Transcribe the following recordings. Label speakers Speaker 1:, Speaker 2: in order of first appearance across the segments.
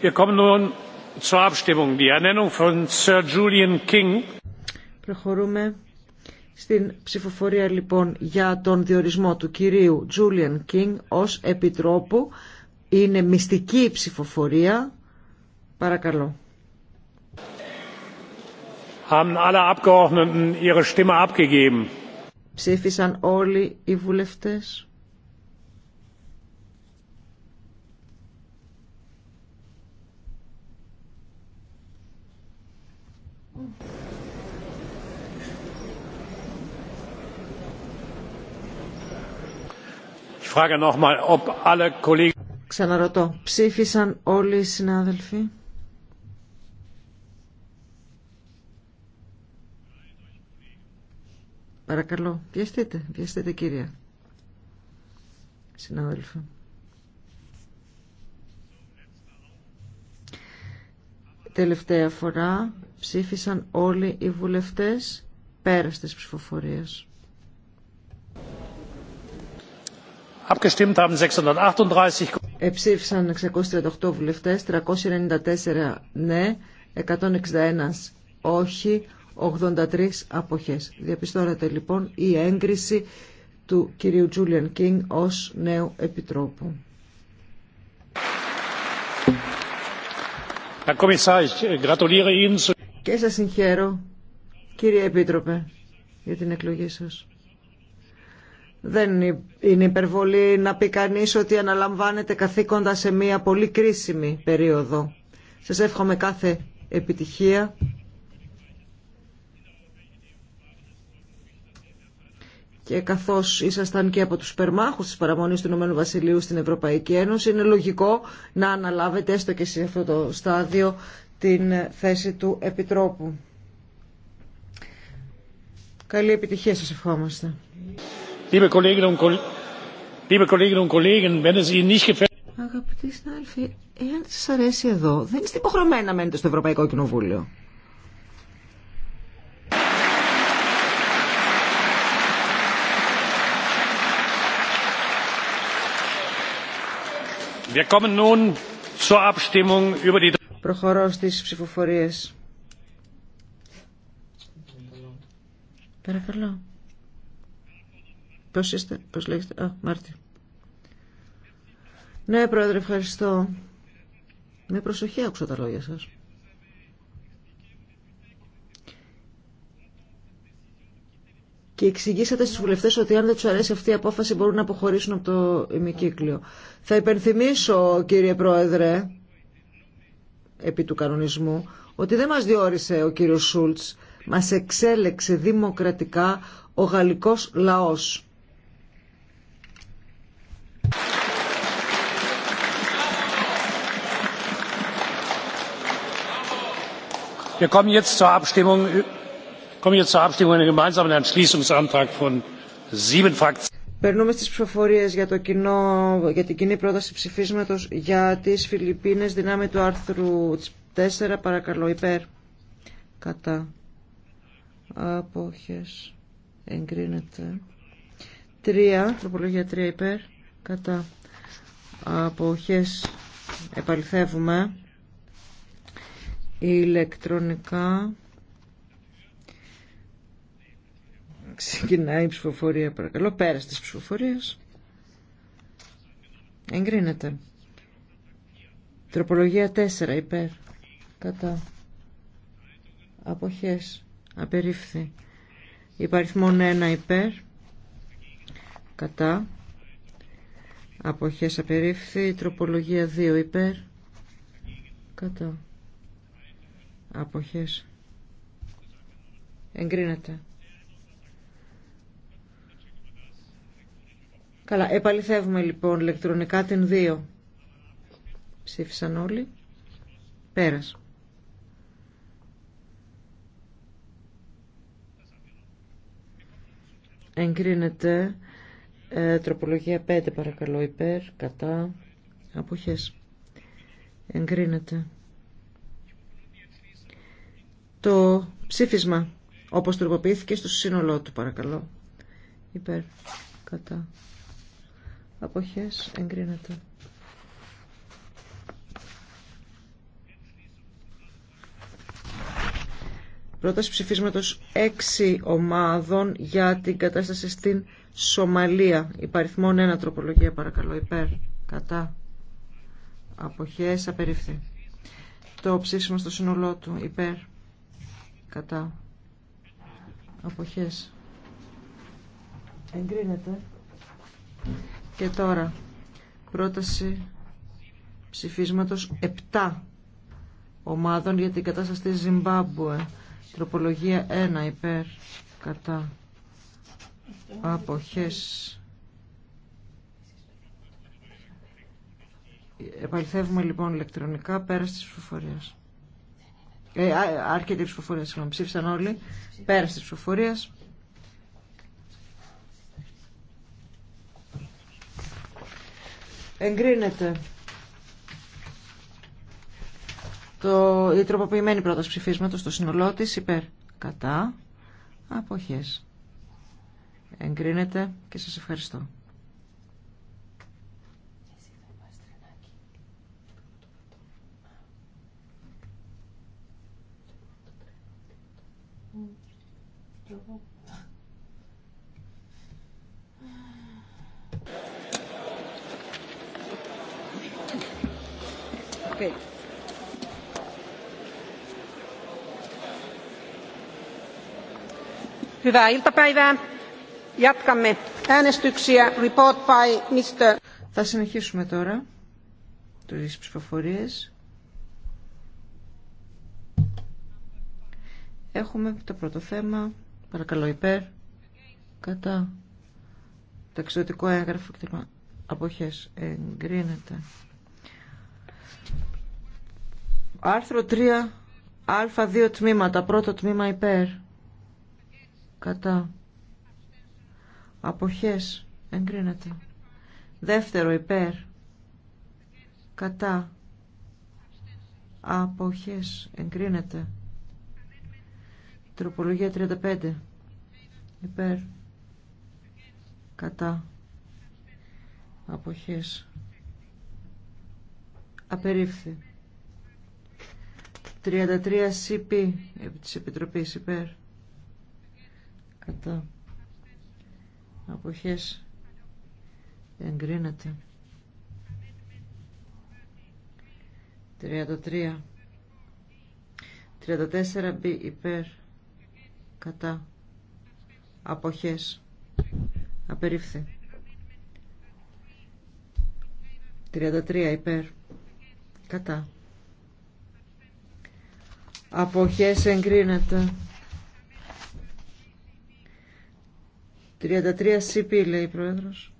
Speaker 1: Wir kommen nun zur Abstimmung. Die Ernennung von Sir Julian King. Προχωρούμε στην ψηφοφορία λοιπόν για τον διορισμό του κυρίου Julian King ως επιτρόπου. Είναι μυστική η ψηφοφορία. Παρακαλώ. Haben alle Abgeordneten ihre Stimme abgegeben. Ψήφισαν όλοι οι βουλευτές. Ξαναρωτώ, ψήφισαν όλοι οι συνάδελφοι. Παρακαλώ, βιαστείτε, βιαστείτε κυρία συνάδελφο. Τελευταία φορά ψήφισαν όλοι οι βουλευτές πέρας της ψηφοφορίας. Εψήφισαν 638 βουλευτές, 394 ναι, 161 όχι, 83 αποχές. Διαπιστώρατε λοιπόν η έγκριση του κυρίου Τζούλιαν Κίνγκ ως νέου επιτρόπου. Äh, Και σας συγχαίρω, κύριε Επίτροπε, για την εκλογή σας. Δεν είναι υπερβολή να πει κανεί ότι αναλαμβάνεται καθήκοντα σε μια πολύ κρίσιμη περίοδο. Σας εύχομαι κάθε επιτυχία. Και καθώς ήσασταν και από τους περμάχου τη παραμονή του Ηνωμένου Βασιλείου στην Ευρωπαϊκή Ένωση, είναι λογικό να αναλάβετε έστω και σε αυτό το στάδιο την θέση του Επιτρόπου. Καλή επιτυχία σας ευχόμαστε. Liebe Kolleginnen und Αγαπητοί συνάδελφοι, εάν αρέσει εδώ, δεν είστε υποχρεωμένοι να μένετε στο Ευρωπαϊκό Κοινοβούλιο. Wir Προχωρώ στις ψηφοφορίες. Παρακαλώ. Πώ είστε, πώ λέγεται, α, Μάρτι. Ναι, Πρόεδρε, ευχαριστώ. Με προσοχή άκουσα τα λόγια σας. Και εξηγήσατε στους βουλευτές ότι αν δεν τους αρέσει αυτή η απόφαση μπορούν να αποχωρήσουν από το ημικύκλιο. Θα υπενθυμίσω, κύριε Πρόεδρε, επί του κανονισμού, ότι δεν μας διόρισε ο κύριος Σούλτς, μας εξέλεξε δημοκρατικά ο γαλλικός λαός. Περνούμε στις ψηφοφορίες για, το για την κοινή πρόταση ψηφίσματος για τις Φιλιππίνες δυνάμει του άρθρου 4 παρακαλώ υπέρ κατά απόχες εγκρίνεται 3 τροπολογία 3 υπέρ κατά απόχες επαληθεύουμε ηλεκτρονικά. Ξεκινάει η ψηφοφορία παρακαλώ. πέρα της ψηφοφορίας. Εγκρίνεται. Τροπολογία 4 υπέρ. Κατά. Αποχές. Απερίφθη. Υπαριθμόν 1 υπέρ. Κατά. Αποχές απερίφθη. Τροπολογία 2 υπέρ. Κατά. Αποχές. Εγκρίνεται. Καλά, επαληθεύουμε λοιπόν ηλεκτρονικά την 2. Ψήφισαν όλοι. Πέρας. Εγκρίνεται ε, τροπολογία 5 παρακαλώ υπέρ, κατά, αποχές. Εγκρίνεται το ψήφισμα όπως τροποποιήθηκε στο σύνολό του παρακαλώ υπέρ κατά αποχές εγκρίνεται πρόταση ψηφίσματος 6 ομάδων για την κατάσταση στην Σομαλία Υπαριθμόν 1 τροπολογία παρακαλώ υπέρ κατά αποχές απερίφθη το ψήφισμα στο σύνολό του υπέρ κατά αποχές εγκρίνεται και τώρα πρόταση ψηφίσματος 7 ομάδων για την κατάσταση της Ζιμπάμπουε τροπολογία 1 υπέρ κατά αποχές επαληθεύουμε λοιπόν ηλεκτρονικά πέρα της ψηφοφορίας ε, αρκετή ψηφοφορία, συγγνώμη. Ψήφισαν όλοι. Πέρασε τη ψηφοφορία. Εγκρίνεται το, η τροποποιημένη πρόταση ψηφίσματος στο σύνολό τη υπέρ κατά αποχές. Εγκρίνεται και σας ευχαριστώ. Θα συνεχίσουμε τώρα τις ψηφοφορίες. Έχουμε το πρώτο θέμα. Παρακαλώ υπέρ. Κατά. Ταξιδιωτικό έγγραφο κτλ. Αποχές. Εγκρίνεται. Άρθρο 3. Α2 τμήματα. Πρώτο τμήμα υπέρ κατά αποχές εγκρίνεται δεύτερο υπέρ κατά αποχές εγκρίνεται τροπολογία 35 υπέρ κατά αποχές απερίφθη 33 CP επί της Επιτροπής υπέρ κατά αποχές εγκρίνεται 33 34 μπι υπέρ κατά αποχές απερίφθη 33 υπέρ κατά αποχές εγκρίνεται 33 CP λέει η Πρόεδρος.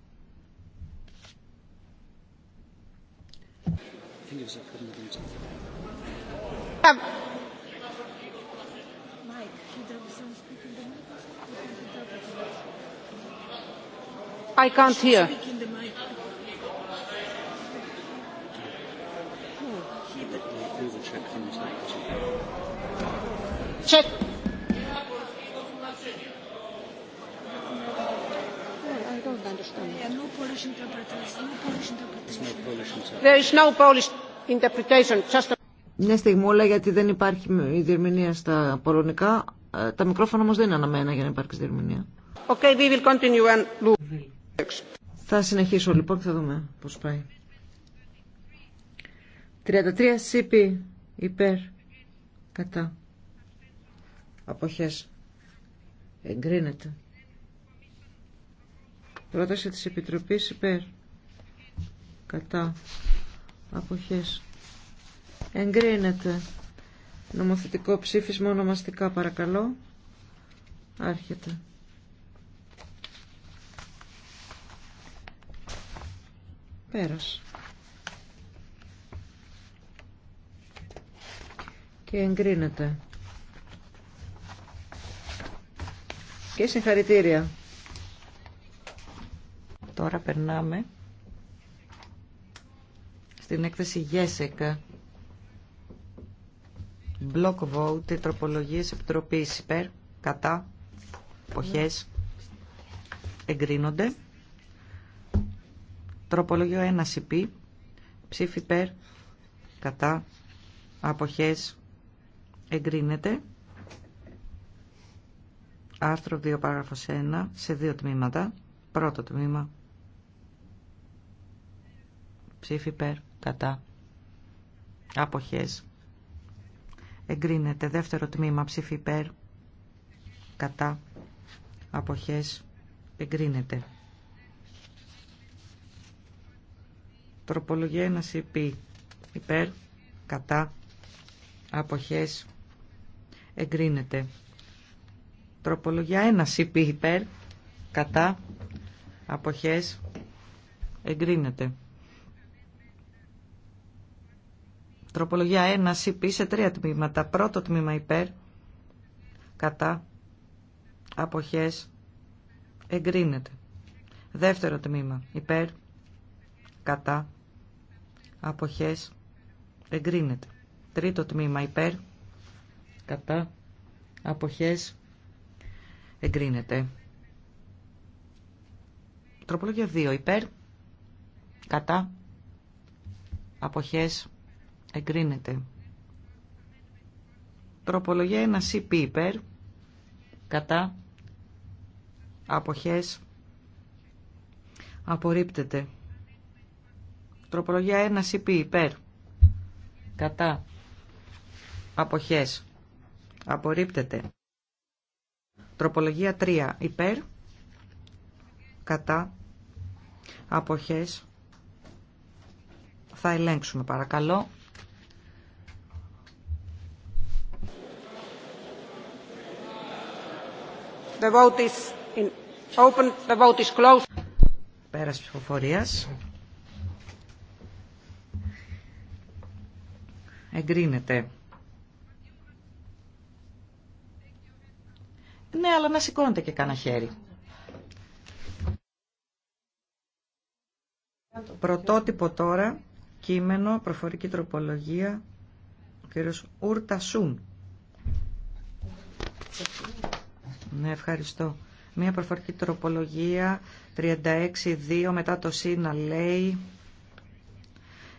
Speaker 1: I can't hear. Check.
Speaker 2: don't understand. Yeah, no Polish interpretation. No Polish interpretation. There is
Speaker 1: no Polish interpretation. Just. Μια στιγμούλα γιατί δεν υπάρχει η διερμηνία στα πολωνικά. Ε, τα μικρόφωνα όμως δεν είναι αναμένα για να υπάρξει διερμηνία. Okay, we will continue and... Θα συνεχίσω λοιπόν και θα δούμε πώς πάει. 33 CP υπέρ κατά αποχές εγκρίνεται. Πρόταση της Επιτροπής υπέρ. Κατά. Αποχές. Εγκρίνεται. Νομοθετικό ψήφισμα ονομαστικά παρακαλώ. Άρχεται. Πέρας. Και εγκρίνεται. Και συγχαρητήρια. Τώρα περνάμε στην έκθεση Γέσεκα. Block vote, τροπολογίες επιτροπής υπέρ, κατά, εποχές, εγκρίνονται. Τροπολογίο 1 CP, ψήφι υπέρ, κατά, αποχές, εγκρίνεται. Άρθρο 2 παράγραφος 1 σε δύο τμήματα. Πρώτο τμήμα Ψήφι κατά. Αποχές. Εγκρίνεται. Δεύτερο τμήμα. Ψήφι υπέρ, κατά. Αποχές. Εγκρίνεται. Τροπολογία 1 CP. Υπέρ, κατά. Αποχές. Εγκρίνεται. Τροπολογία 1 CP. Υπέρ, κατά. Αποχές. Εγκρίνεται. Τροπολογία 1 CP σε τρία τμήματα. Πρώτο τμήμα υπέρ, κατά, αποχές, εγκρίνεται. Δεύτερο τμήμα υπέρ, κατά, αποχές, εγκρίνεται. Τρίτο τμήμα υπέρ, κατά, αποχές, εγκρίνεται. Τροπολογία 2 υπέρ, κατά, αποχές, Εγκρίνεται. Τροπολογία 1 CP υπέρ. Κατά. Αποχές. Απορρίπτεται. Τροπολογία 1 CP υπέρ. Κατά. Αποχές. Απορρίπτεται. Τροπολογία 3 υπέρ. Κατά. Αποχές. Θα ελέγξουμε παρακαλώ. The vote Εγκρίνεται. Ναι, αλλά να σηκώνετε και κανένα. χέρι. Πρωτότυπο τώρα, κείμενο, προφορική τροπολογία, ο κύριος Ούρτα Σουν. Ναι, ευχαριστώ. Μία προφορική τροπολογία 36.2 μετά το ΣΥΝΑ λέει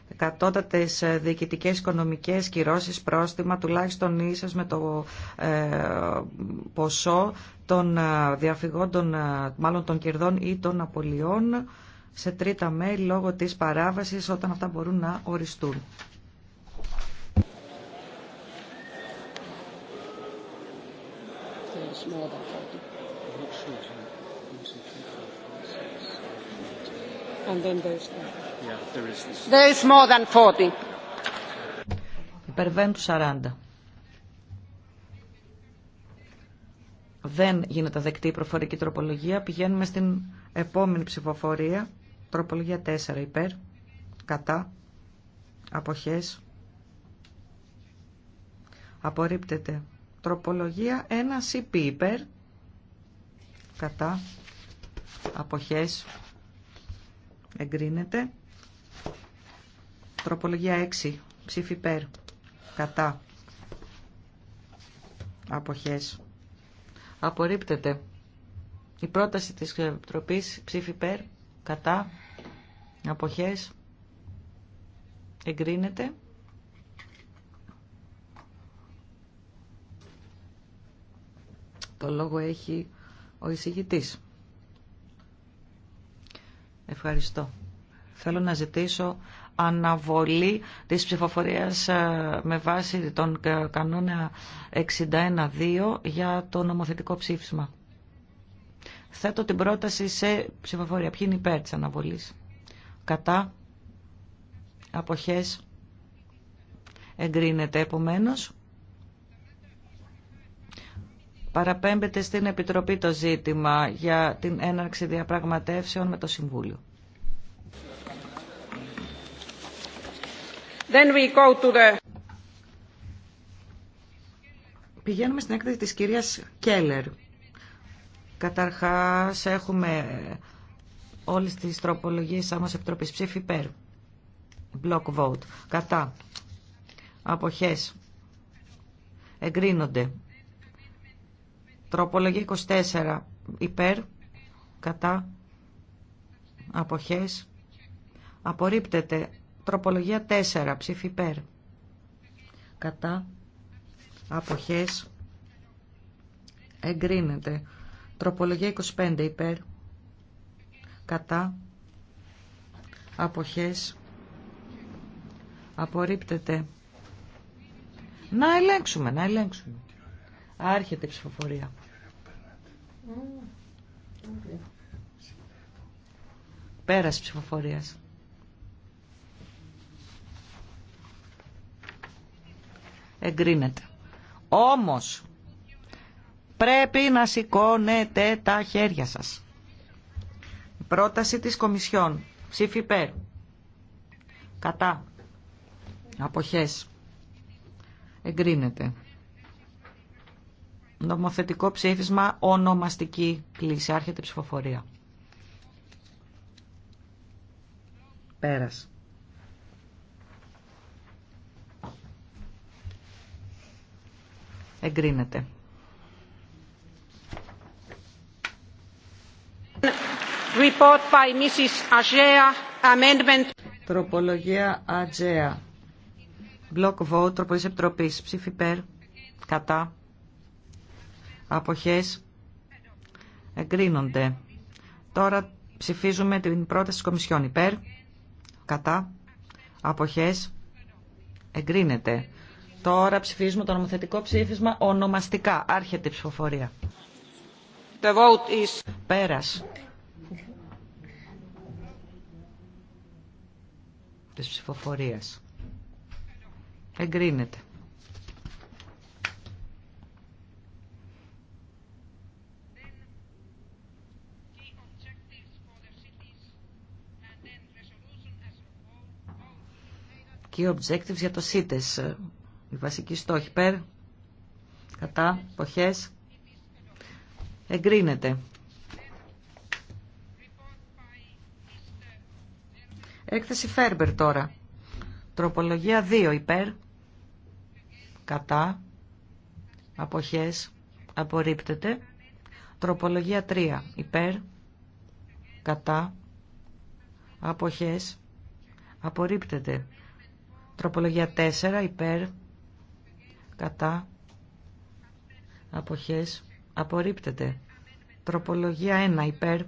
Speaker 1: δεκατότατες διοικητικές οικονομικές κυρώσεις πρόστιμα τουλάχιστον ίσως με το ε, ποσό των ε, διαφυγών των, ε, μάλλον των κερδών ή των απολειών σε τρίτα μέλη λόγω της παράβασης όταν αυτά μπορούν να οριστούν. more 40. Υπερβαίνουν 40. Δεν γίνεται δεκτή η προφορική τροπολογία. Πηγαίνουμε στην επόμενη ψηφοφορία. Τροπολογία 4 υπέρ, κατά, αποχές. Απορρίπτεται. Τροπολογία 1 CP υπέρ κατά αποχές εγκρίνεται. Τροπολογία 6 ψήφι υπέρ κατά αποχές απορρίπτεται. Η πρόταση της τροπής ψήφι υπέρ κατά αποχές εγκρίνεται. Το λόγο έχει ο εισηγητής. Ευχαριστώ. Θέλω να ζητήσω αναβολή της ψηφοφορίας ε, με βάση τον κανόνα 61.2 για το νομοθετικό ψήφισμα. Θέτω την πρόταση σε ψηφοφορία. Ποιοι είναι υπέρ της αναβολής. Κατά. Αποχές. Εγκρίνεται επομένως. Παραπέμπεται στην Επιτροπή το ζήτημα για την έναρξη διαπραγματεύσεων με το Συμβούλιο. Then we go to Πηγαίνουμε στην έκθεση της κυρίας Κέλλερ. Καταρχάς έχουμε όλες τις τροπολογίες άμας επιτροπής ψήφι υπέρ. Block vote. Κατά. Αποχές. Εγκρίνονται. Τροπολογία 24 υπέρ, κατά, αποχές, απορρίπτεται. Τροπολογία 4 ψήφι υπέρ, κατά, αποχές, εγκρίνεται. Τροπολογία 25 υπέρ, κατά, αποχές, απορρίπτεται. Να ελέγξουμε, να ελέγξουμε. Άρχεται η ψηφοφορία. Πέραση ψηφοφορία. Εγκρίνεται. Όμως, πρέπει να σηκώνετε τα χέρια σας. πρόταση της Κομισιόν. Ψήφι Κατά. Αποχές. Εγκρίνεται νομοθετικό ψήφισμα ονομαστική κλίση. Άρχεται η ψηφοφορία. Πέρας. Εγκρίνεται. Report by Mrs. amendment. Τροπολογία Ατζέα. Block vote, τροπολογία επιτροπής. Ψήφι περ, κατά αποχές εγκρίνονται. Τώρα ψηφίζουμε την πρόταση της Κομισιόν υπέρ, κατά, αποχές εγκρίνεται. Τώρα ψηφίζουμε το νομοθετικό ψήφισμα ονομαστικά. Άρχεται η ψηφοφορία. The vote is... Πέρας. Της ψηφοφορίας. Εγκρίνεται. βασικοί objectives για το ΣΥΤΕΣ. η βασική στόχη περ, κατά, ποχές, εγκρίνεται. Έκθεση Φέρμπερ τώρα. Τροπολογία 2 υπέρ, κατά, αποχές, απορρίπτεται. Τροπολογία 3 υπέρ, κατά, αποχές, απορρίπτεται. Τροπολογία 4 υπέρ κατά αποχές απορρίπτεται. Τροπολογία 1 υπέρ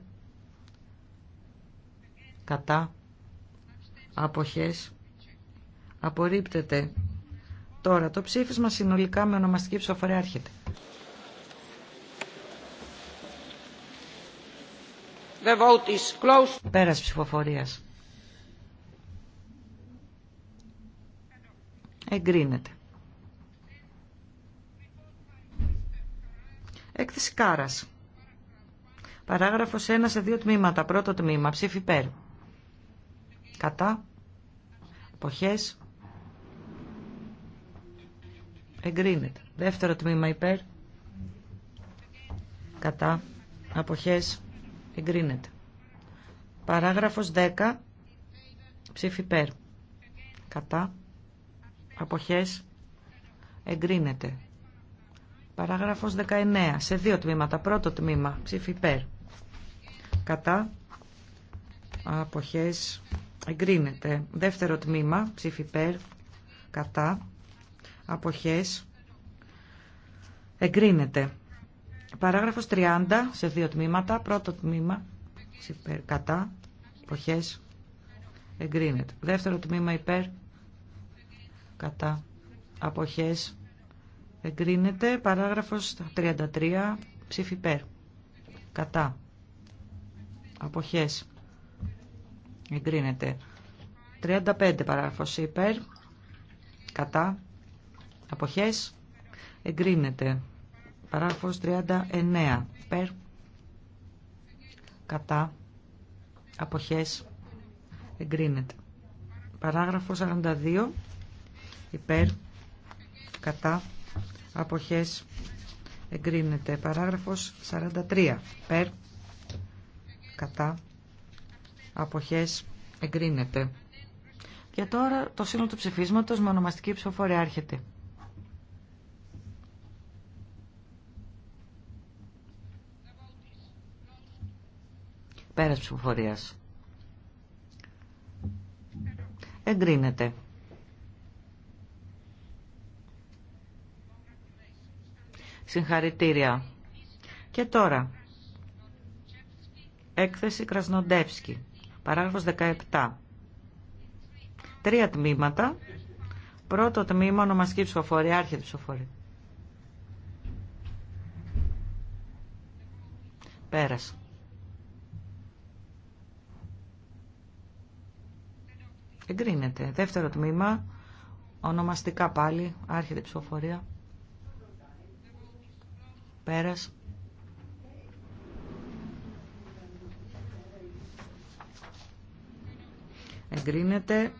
Speaker 1: κατά αποχές απορρίπτεται. Τώρα το ψήφισμα συνολικά με ονομαστική ψηφοφορία έρχεται. The vote is closed. Πέρας ψηφοφορίας. Εγκρίνεται. Έκθεση Κάρας. Παράγραφος 1 σε δύο τμήματα. Πρώτο τμήμα. Ψήφι ΠΕΡ. Κατά. Αποχές. Εγκρίνεται. Δεύτερο τμήμα υπέρ. Κατά. Αποχές. Εγκρίνεται. Παράγραφος 10. Ψήφι ΠΕΡ. Κατά αποχές εγκρίνεται. Παράγραφος 19. Σε δύο τμήματα. Πρώτο τμήμα. Ψήφι Κατά. Αποχές. Εγκρίνεται. Δεύτερο τμήμα. Ψήφι Κατά. Αποχές. Εγκρίνεται. Παράγραφος 30. Σε δύο τμήματα. Πρώτο τμήμα. Ψήφι Κατά. Αποχές. Εγκρίνεται. Δεύτερο τμήμα υπέρ κατά αποχές εγκρίνεται παράγραφος 33 ψήφι κατά αποχές εγκρίνεται 35 παράγραφος υπέρ κατά αποχές εγκρίνεται παράγραφος 39 περ... κατά αποχές εγκρίνεται παράγραφος 42 υπέρ, κατά, αποχές, εγκρίνεται. Παράγραφος 43, υπέρ, κατά, αποχές, εγκρίνεται. Και τώρα το σύνολο του ψηφίσματος με ονομαστική ψηφοφορία άρχεται. Πέρας ψηφοφορίας. Εγκρίνεται. Συγχαρητήρια. Και τώρα, έκθεση Κρασνοντεύσκη, παράγραφος 17. Τρία τμήματα. Πρώτο τμήμα, ονομαστική ψηφοφορία, άρχεται ψηφοφορία. Πέρασε. Εγκρίνεται. Δεύτερο τμήμα, ονομαστικά πάλι, άρχεται ψηφοφορία. Πέρας. Εγκρίνεται.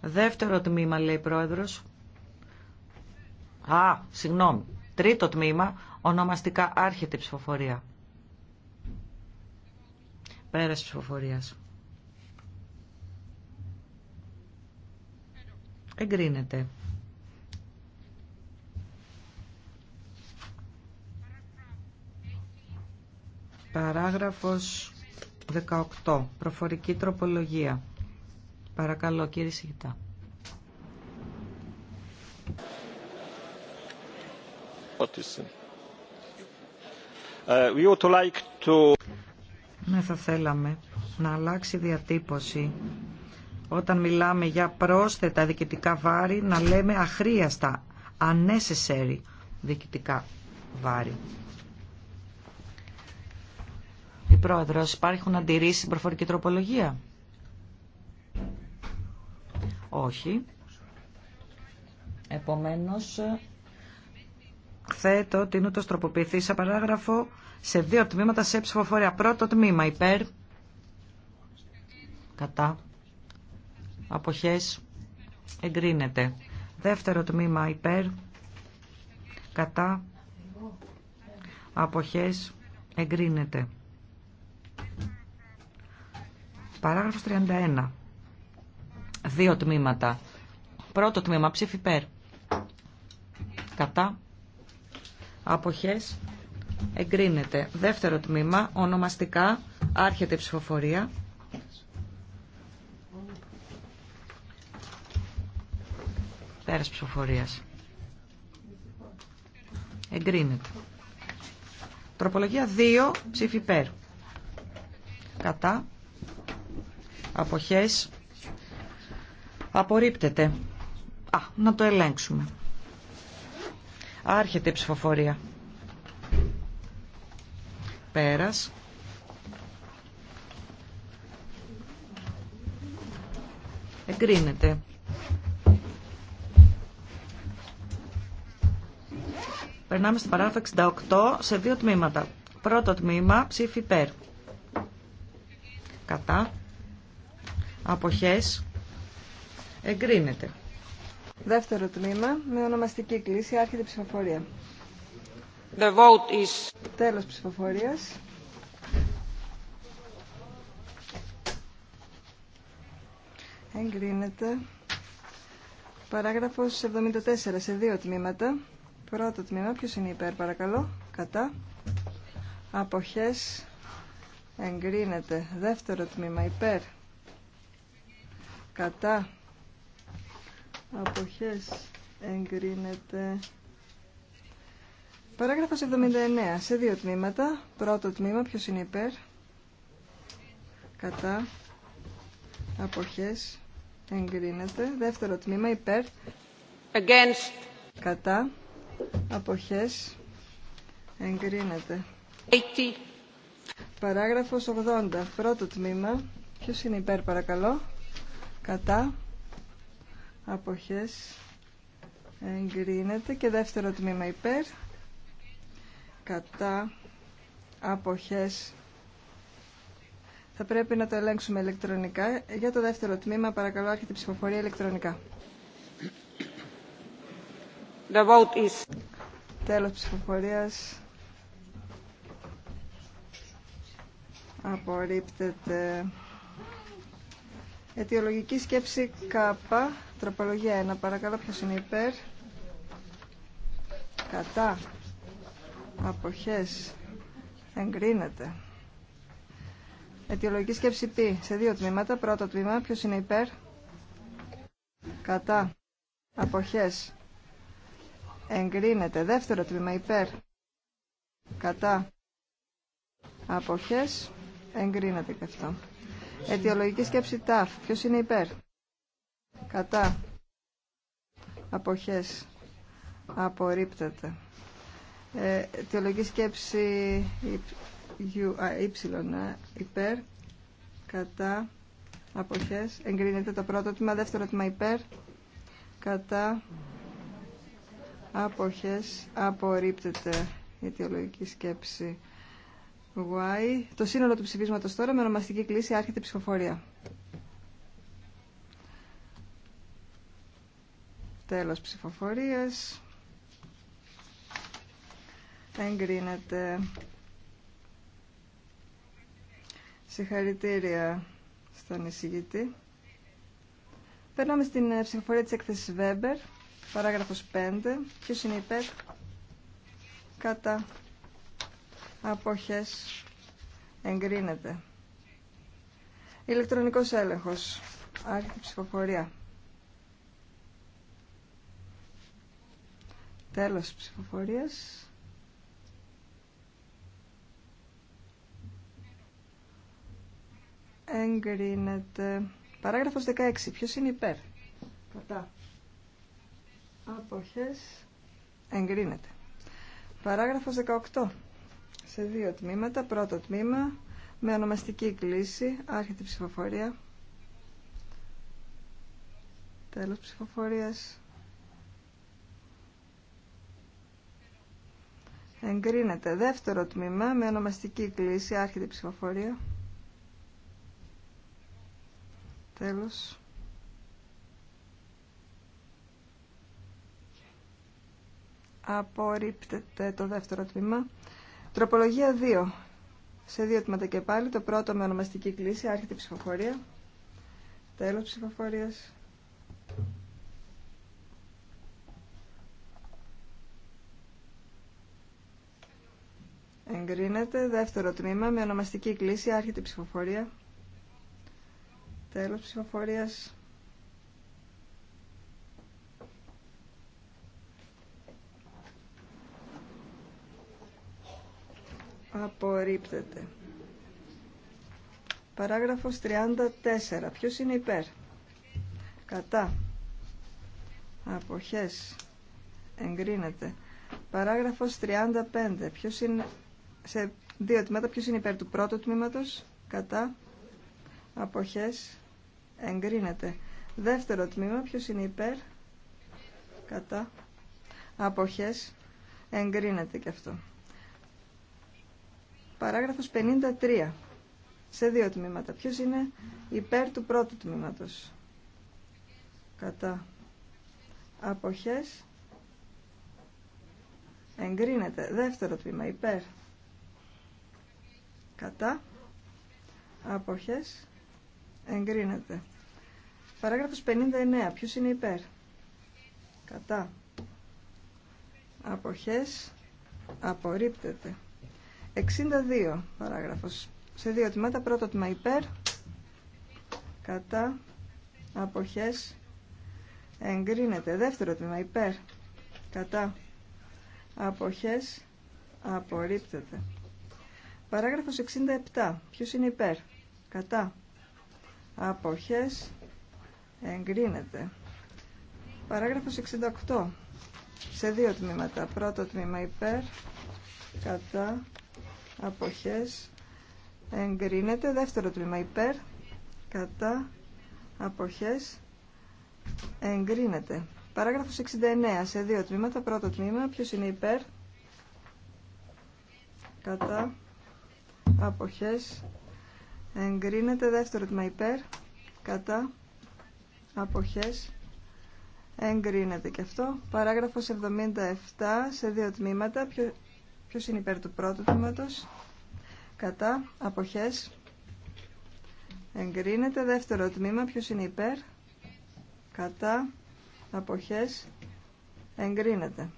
Speaker 1: Δεύτερο τμήμα, λέει πρόεδρος. Α, συγγνώμη. Τρίτο τμήμα, ονομαστικά άρχεται η ψηφοφορία. Πέρας ψηφοφορίας. Εγκρίνεται. Παράγραφος 18. Προφορική τροπολογία. Παρακαλώ κύριε Σιγητά. Uh, like to... Ναι, θα θέλαμε να αλλάξει διατύπωση. Όταν μιλάμε για πρόσθετα διοικητικά βάρη, να λέμε αχρίαστα, unnecessary διοικητικά βάρη. Πρόεδρος, υπάρχουν αντιρρήσεις στην προφορική τροπολογία. Όχι. Επομένως, θέτω την ούτως σε παράγραφο σε δύο τμήματα σε ψηφοφορία. Πρώτο τμήμα υπέρ, κατά, αποχές, εγκρίνεται. Δεύτερο τμήμα υπέρ, κατά, αποχές, εγκρίνεται. Παράγραφος 31. Δύο τμήματα. Πρώτο τμήμα ψήφι περ. Κατά. Αποχές. Εγκρίνεται. Δεύτερο τμήμα. Ονομαστικά. Άρχεται η ψηφοφορία. Πέρας ψηφοφορίας. Εγκρίνεται. Τροπολογία 2. Ψήφι περ. Κατά αποχές απορρίπτεται. Α, να το ελέγξουμε. Άρχεται η ψηφοφορία. Πέρας. Εγκρίνεται. Περνάμε στην παράδοση 68 σε δύο τμήματα. Πρώτο τμήμα ψήφι ΠΕΡ. Κατά αποχές
Speaker 2: εγκρίνεται. Δεύτερο τμήμα με ονομαστική κλίση άρχεται ψηφοφορία. The vote is... Τέλος ψηφοφορίας. Εγκρίνεται. Παράγραφος 74 σε δύο τμήματα. Πρώτο τμήμα, ποιος είναι υπέρ παρακαλώ, κατά. Αποχές εγκρίνεται. Δεύτερο τμήμα υπέρ κατά αποχές εγκρίνεται παράγραφος 79 σε δύο τμήματα πρώτο τμήμα ποιος είναι υπέρ κατά αποχές εγκρίνεται δεύτερο τμήμα υπέρ Against. κατά αποχές εγκρίνεται 80. παράγραφος 80 πρώτο τμήμα ποιος είναι υπέρ παρακαλώ κατά αποχές εγκρίνεται και δεύτερο τμήμα υπέρ κατά αποχές θα πρέπει να το ελέγξουμε ηλεκτρονικά για το δεύτερο τμήμα παρακαλώ άρχεται η ψηφοφορία ηλεκτρονικά The vote is... τέλος ψηφοφορίας απορρίπτεται Αιτιολογική σκέψη Κ, τροπολογία 1. Παρακαλώ ποιος είναι υπέρ. Κατά. Αποχές. Εγκρίνεται. Αιτιολογική σκέψη Π. Σε δύο τμήματα. Πρώτο τμήμα. Ποιος είναι υπέρ. Κατά. Αποχές. Εγκρίνεται. Δεύτερο τμήμα. Υπέρ. Κατά. Αποχές. Εγκρίνεται και αυτό. Αιτιολογική σκέψη ΤΑΦ. Ποιο είναι υπέρ. Κατά. Αποχές. Απορρίπτεται. Ε, αιτιολογική σκέψη Υ, ε, ε, Υπέρ. Κατά. Αποχές. Εγκρίνεται το πρώτο τμήμα. Δεύτερο τμήμα υπέρ. Κατά. Αποχές. Απορρίπτεται. αιτιολογική σκέψη το σύνολο του ψηφίσματο τώρα με ονομαστική κλίση άρχεται ψηφοφορία. Τέλο ψηφοφορία. Εγκρίνεται. Συγχαρητήρια στον εισηγητή. Περνάμε στην ε, ψηφοφορία της έκθεσης Weber, παράγραφος 5. Ποιος είναι υπέρ, κατά αποχές εγκρίνεται. Ηλεκτρονικός έλεγχος, άρχιτη ψηφοφορία. Τέλος ψηφοφορίας. Εγκρίνεται. Παράγραφος 16. Ποιος είναι υπέρ. Κατά. Αποχές. Εγκρίνεται. Παράγραφος 18 σε δύο τμήματα. Πρώτο τμήμα με ονομαστική κλίση, άρχεται η ψηφοφορία. Τέλος ψηφοφορία. Εγκρίνεται. Δεύτερο τμήμα με ονομαστική κλίση, άρχεται η ψηφοφορία. Τέλος. Απορρίπτεται το δεύτερο τμήμα. Τροπολογία 2. Σε δύο τμήματα και πάλι. Το πρώτο με ονομαστική κλίση. Άρχεται η ψηφοφορία. Τέλος ψηφοφορίας. Εγκρίνεται. Δεύτερο τμήμα με ονομαστική κλίση. Άρχεται η ψηφοφορία. Τέλος ψηφοφορίας. απορρίπτεται. Παράγραφος 34. Ποιος είναι υπέρ. Κατά. Αποχές. Εγκρίνεται. Παράγραφος 35. Ποιος είναι... Σε δύο τμήματα ποιος είναι υπέρ του πρώτου τμήματος. Κατά. Αποχές. Εγκρίνεται. Δεύτερο τμήμα ποιος είναι υπέρ. Κατά. Αποχές. Εγκρίνεται και αυτό. Παράγραφος 53. Σε δύο τμήματα. Ποιος είναι υπέρ του πρώτου τμήματος. Κατά. Αποχές. Εγκρίνεται. Δεύτερο τμήμα. Υπέρ. Κατά. Αποχές. Εγκρίνεται. Παράγραφος 59. Ποιος είναι υπέρ. Κατά. Αποχές. Απορρίπτεται. 62 παράγραφος. Σε δύο τμήματα. Πρώτο τμήμα υπέρ. Κατά. Αποχές. Εγκρίνεται. Δεύτερο τμήμα υπέρ. Κατά. Αποχές. Απορρίπτεται. Παράγραφος 67. Ποιος είναι υπέρ. Κατά. Αποχές. Εγκρίνεται. Παράγραφος 68. Σε δύο τμήματα. Πρώτο τμήμα υπέρ. Κατά αποχές εγκρίνεται δεύτερο τμήμα υπέρ κατά αποχές εγκρίνεται παράγραφος 69 σε δύο τμήματα πρώτο τμήμα ποιος είναι υπέρ κατά αποχές εγκρίνεται δεύτερο τμήμα υπέρ κατά αποχές εγκρίνεται και αυτό παράγραφος 77 σε δύο τμήματα Πιο Ποιος είναι υπέρ του πρώτου τμήματος. Κατά. Αποχές. Εγκρίνεται. Δεύτερο τμήμα. Ποιος είναι υπέρ. Κατά. Αποχές. Εγκρίνεται.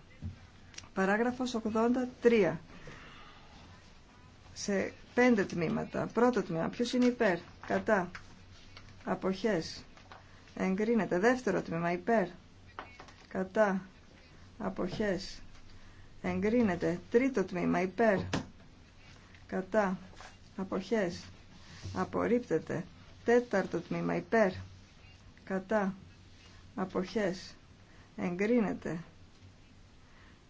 Speaker 2: Παράγραφος 83. Σε πέντε τμήματα. Πρώτο τμήμα. Ποιος είναι υπέρ. Κατά. Αποχές. Εγκρίνεται. Δεύτερο τμήμα. Υπέρ. Κατά. Αποχές. Εγκρίνεται. Τρίτο τμήμα. Υπέρ. Κατά. Αποχές. Απορρίπτεται. Τέταρτο τμήμα. Υπέρ. Κατά. Αποχές. Εγκρίνεται.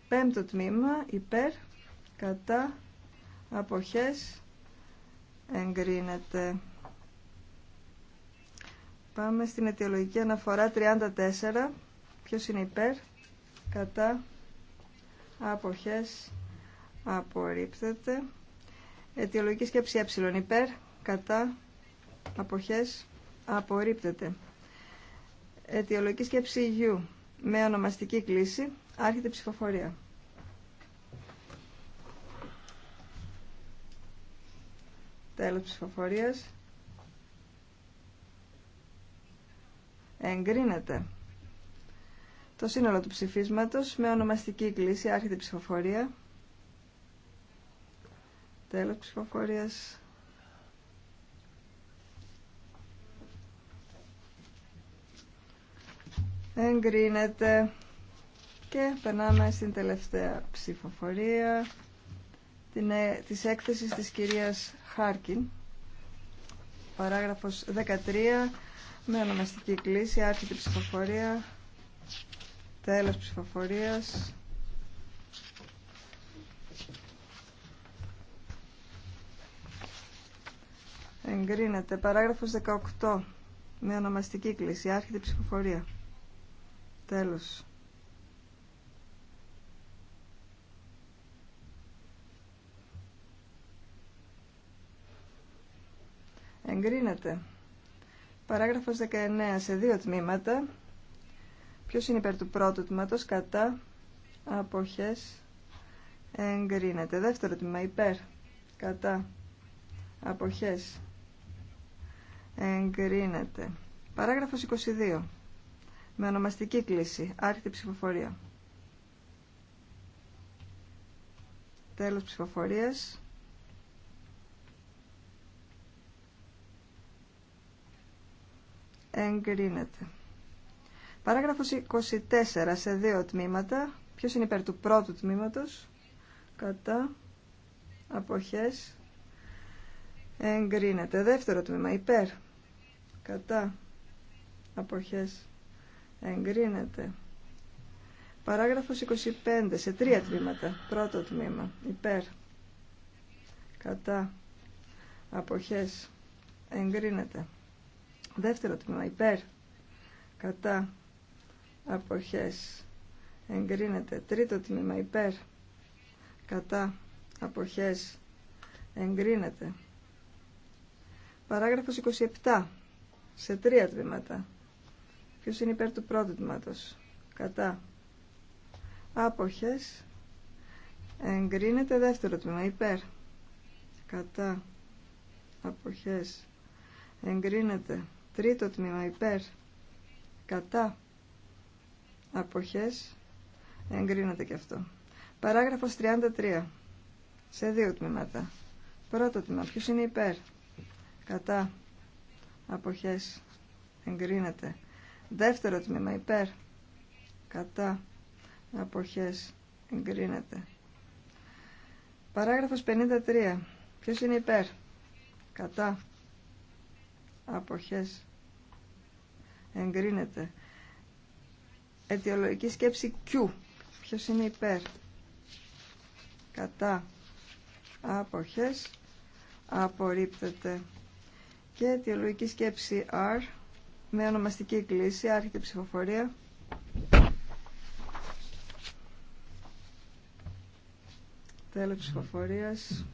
Speaker 2: Πέμπτο τμήμα. Υπέρ. Κατά. Αποχές. Εγκρίνεται. Πάμε στην αιτιολογική αναφορά 34. Ποιος είναι υπέρ. Κατά αποχές απορρίπτεται αιτιολογική σκέψη ε υπέρ κατά αποχές απορρίπτεται αιτιολογική σκέψη γιου με ονομαστική κλίση άρχεται ψηφοφορία τέλος ψηφοφορίας εγκρίνεται το σύνολο του ψηφίσματος με ονομαστική κλίση, άρχεται ψηφοφορία. Τέλος ψηφοφορίας. Εγκρίνεται. Και περνάμε στην τελευταία ψηφοφορία την, ε, της έκθεσης της κυρίας Χάρκιν. Παράγραφος 13 με ονομαστική κλίση, άρχιτη ψηφοφορία. Τέλος ψηφοφορίας. Εγκρίνεται. Παράγραφος 18. Με ονομαστική κλίση. Άρχεται ψηφοφορία. Τέλος. Εγκρίνεται. Παράγραφος 19. Σε δύο τμήματα. Ποιος είναι υπέρ του πρώτου τμήματος κατά αποχές εγκρίνεται. Δεύτερο τμήμα υπέρ κατά αποχές εγκρίνεται. Παράγραφος 22. Με ονομαστική κλίση. Άρχεται ψηφοφορία. Τέλος ψηφοφορίας. Εγκρίνεται. Παράγραφος 24 σε δύο τμήματα. Ποιος είναι υπέρ του πρώτου τμήματος. Κατά. Αποχές. Εγκρίνεται. Δεύτερο τμήμα. Υπέρ. Κατά. Αποχές. Εγκρίνεται. Παράγραφος 25 σε τρία τμήματα. Πρώτο τμήμα. Υπέρ. Κατά. Αποχές. Εγκρίνεται. Δεύτερο τμήμα. Υπέρ. Κατά αποχές εγκρίνεται τρίτο τμήμα υπέρ κατά αποχές εγκρίνεται παράγραφος 27 σε τρία τμήματα ποιος είναι υπέρ του πρώτου τμήματος κατά άποχες εγκρίνεται δεύτερο τμήμα υπέρ κατά αποχές εγκρίνεται τρίτο τμήμα υπέρ κατά αποχές εγκρίνεται και αυτό. Παράγραφος 33. Σε δύο τμήματα. Πρώτο τμήμα. Ποιος είναι υπέρ. Κατά. Αποχές. Εγκρίνεται. Δεύτερο τμήμα. Υπέρ. Κατά. Αποχές. Εγκρίνεται. Παράγραφος 53. Ποιος είναι υπέρ. Κατά. Αποχές. Εγκρίνεται αιτιολογική σκέψη Q. Ποιο είναι υπέρ. Κατά. Άποχες. Απορρίπτεται. Και αιτιολογική σκέψη R. Με ονομαστική κλίση. Άρχεται ψηφοφορία. Τέλος ψηφοφορίας.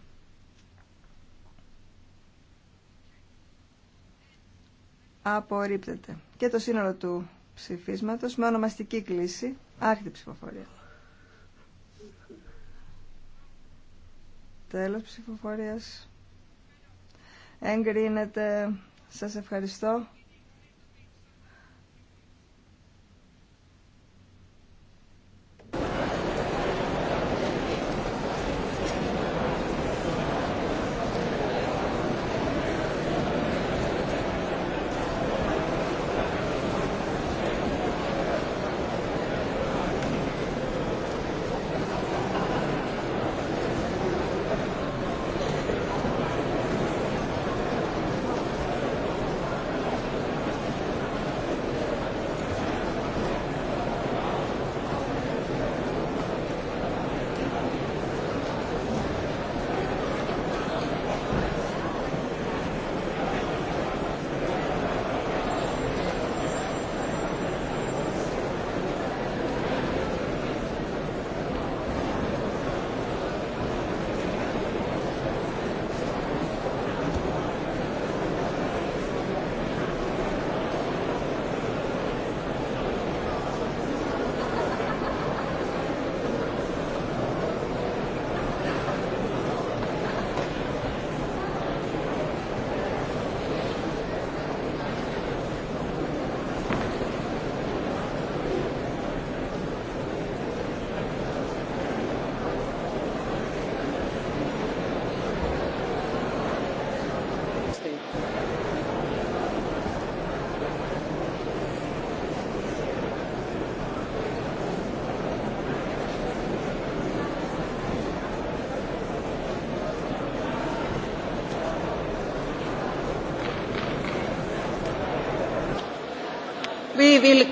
Speaker 2: Απορρίπτεται. Και το σύνολο του ψηφίσματος με ονομαστική κλίση. Άρχεται ψηφοφορία. Τέλος ψηφοφορίας. Εγκρίνεται. Σας ευχαριστώ.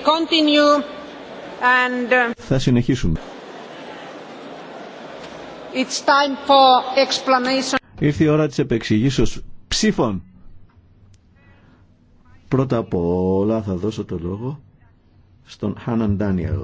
Speaker 1: Uh,
Speaker 2: θα συνεχίσουμε.
Speaker 1: It's time for explanation.
Speaker 2: Ήρθε η ώρα της επεξηγήσεως ψήφων.
Speaker 1: Πρώτα απ' όλα θα δώσω το λόγο
Speaker 2: στον Χάναν Ντάνιελ.